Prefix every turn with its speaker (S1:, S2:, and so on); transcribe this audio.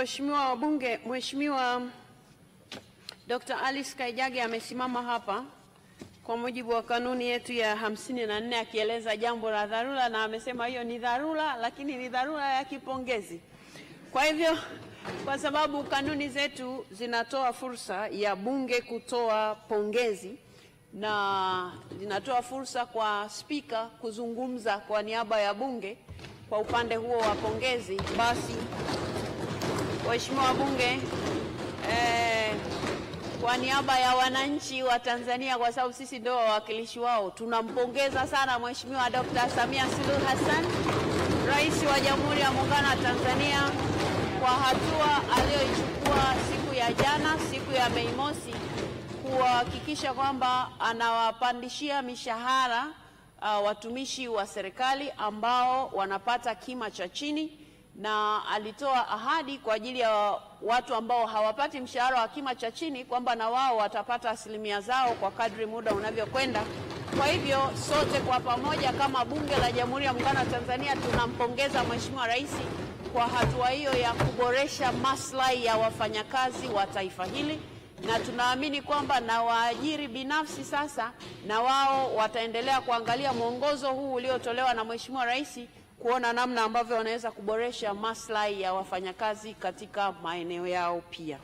S1: Waheshimiwa wabunge, Mheshimiwa Dr. Alice Kaijage amesimama hapa kwa mujibu wa kanuni yetu ya hamsini na nne akieleza jambo la dharura, na amesema hiyo ni dharura, lakini ni dharura ya kipongezi. Kwa hivyo, kwa sababu kanuni zetu zinatoa fursa ya bunge kutoa pongezi na zinatoa fursa kwa spika kuzungumza kwa niaba ya bunge kwa upande huo wa pongezi, basi Waheshimiwa wabunge, eh, kwa niaba ya wananchi wa Tanzania, kwa sababu sisi ndio wawakilishi wao, tunampongeza sana Mheshimiwa Dkt. Samia Suluhu Hassan, Rais wa Jamhuri ya Muungano wa Tanzania kwa hatua aliyoichukua siku ya jana, siku ya Mei Mosi, kuhakikisha kwamba anawapandishia mishahara uh, watumishi wa serikali ambao wanapata kima cha chini na alitoa ahadi kwa ajili ya watu ambao hawapati mshahara wa kima cha chini kwamba na wao watapata asilimia zao kwa kadri muda unavyokwenda. Kwa hivyo sote kwa pamoja kama Bunge la Jamhuri ya Muungano wa Tanzania tunampongeza Mheshimiwa Rais kwa hatua hiyo ya kuboresha maslahi ya wafanyakazi wa taifa hili, na tunaamini kwamba na waajiri binafsi sasa na wao wataendelea kuangalia mwongozo huu uliotolewa na Mheshimiwa Rais kuona namna ambavyo wanaweza kuboresha maslahi ya wafanyakazi katika maeneo yao pia.